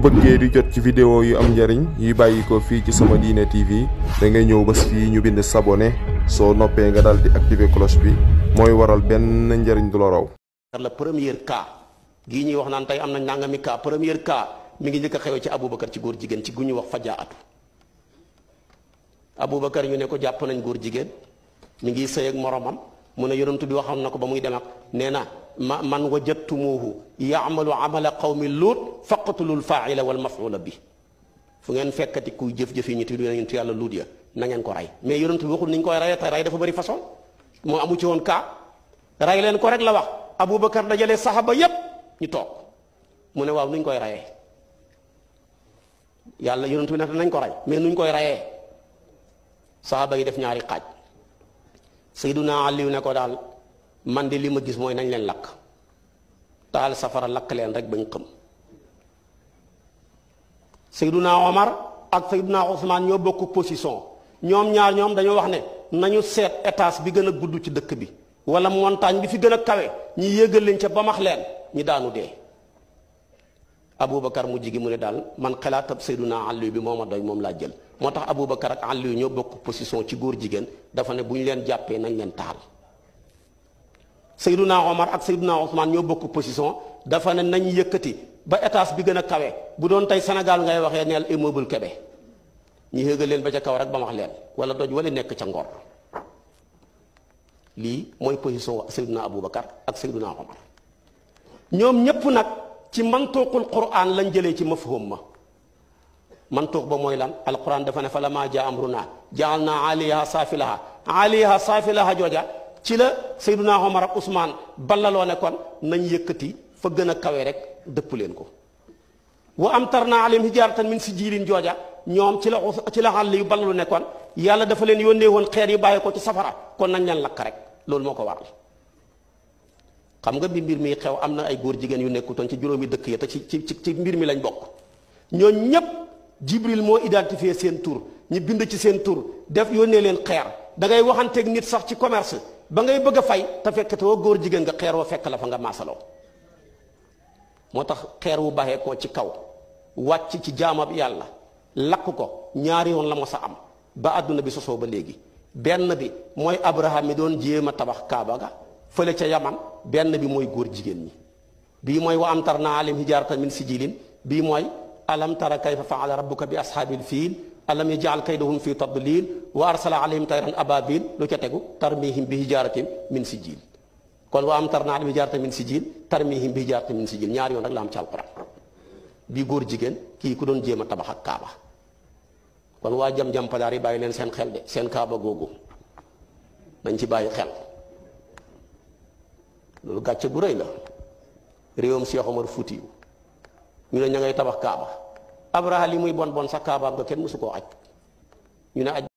bëggee di jot ci vidéo yi am njariñ yi bàyyi ko fii ci sama diine TV dangay ngay ñëw bés fii ñu bind sabone soo noppee nga daal di activer cloche bi mooy waral benn njariñ du la raw. la premier cas gii ñuy wax naan tey am nañ nangami cas premier cas mi ngi njëkk a xewee ci Aboubacar ci góor jigéen ci gu ñuy wax fajaa atu Aboubacar ñu ne ko jàpp nañ góor jigéen mu ngi sëy ak moromam mu ne yonent bi waxam na ko ba muy dem ak ma man wajadtumuuhu yaamalu amala qawmi luut faqtulul faaila wal mafuula bi fu ngeen fekkati kuy jëf-jëfi ñi tudd nañu yàlla luut ya na ngeen ko rey mais yonent bi waxul ni ñu koy rey te rey moo amu ci woon kaa rey leen ko rek la wax Aboubacar dajale saxaba yépp ñu toog mu ne waaw nuñ koy reyee yàlla yonent bi nañ ko rey mais nuñ koy reyee saxaba yi def ñaari xaaj Sayyiduna Ali ne ko daal man de lii ma gis mooy nañ leen lakk taal safara lakk leen rek bañ xam Seyduna Omar ak Seyduna Ousmane ñoo bokk position ñoom ñaar ñoom dañoo wax ne nañu seet étage bi gën a gudd ci dëkk bi wala montagne bi fi gën a kawe ñi yéegal leen ca bamax leen ñi daanu dee Aboubacar mu jigi mu ne daal man xalaatab Seyduna Aliyu bi moo ma doy moom laa jël moo tax Aboubacar ak Aliyu ñoo bokk position ci góor jigéen dafa ne bu ñu leen jàppee nañ leen taal Seyduna Omar ak Seyduna Ousmane ñoo bokk position dafa ne nañ yëkkati ba étage bi gën a kawe bu doon tey Sénégal ngay waxee neel immeuble Kébé ñu yëgal leen ba ca kaw rek ba wax leen wala doj wala nekk ca ngor lii mooy position Seyduna Aboubacar ak Seyduna Omar ñoom ñëpp nag ci mantuuqul Qur'an lañ jëlee ci mafhum ma mantuuq ba mooy lan alquran dafa ne fa la maa jaa amruna jaal naa aliyaha saafilaha aliyaha saafilaha jooja ci la. Seyduna Omar ak Ousmane ballalo ne kon nañ yëkëti fa gëna kawé rek depp leen ko wa amtarna alim hijaratan min sijilin jiilin ñom ci la ci la xàll yu ballalu ne kon yalla dafa leen yonne won xeer yu bàyyi ko ci safara kon nañ leen lak rek lool moko ko waral xam nga bi mbir mi xew amna ay goor jigen yu nekkuton ci juroomi dëkk ya te ci ci ci mbir mi lañ bokk ñoo ñep jibril mo identifier sen tour ñi bind ci sen tour def yonne leen xeer da ngay waxanteeg nit sax ci commerce ba ngay bëgg a fay te fekk te woo góor jigéen nga xeer wa fekk la fa nga maasaloo moo tax xeer wu baxe koo ci kaw wàcc ci jaamab yàlla lakk ko ñaari yoon la mos a am ba àdduna bi sosoo ba léegi benn bi mooy abraham mi doon jéem a tabax kaaba ga fële ca yaman benn bi mooy góor jigéen ñi bii mooy wa am tar na alim hijaaratan min sijilin bii mooy alam tara kayfa faala rabbuka bi ashabil fiil alam yaj'al kaydahum fi tadlil wa arsala alayhim tayran ababil lu ca tegu tarmihim bi hijaratin min sijil kon wa am tarna alayhim hijaratin min sijil tarmihim bi hijaratin min sijil ñaar yon rek la am ci alquran bi gor jigen ki ku don jema tabakh kaaba kon wa jam jam padari yi len sen xel de sen kaaba gogu nañ ci bàyyi xel loolu gàcce bu la réewam Cheikh Omar Foutiyu ñu la ñay tabakh kaaba abraha li muy bon bon sa kaabaam nga kenn mësu koo aj ñu ne aj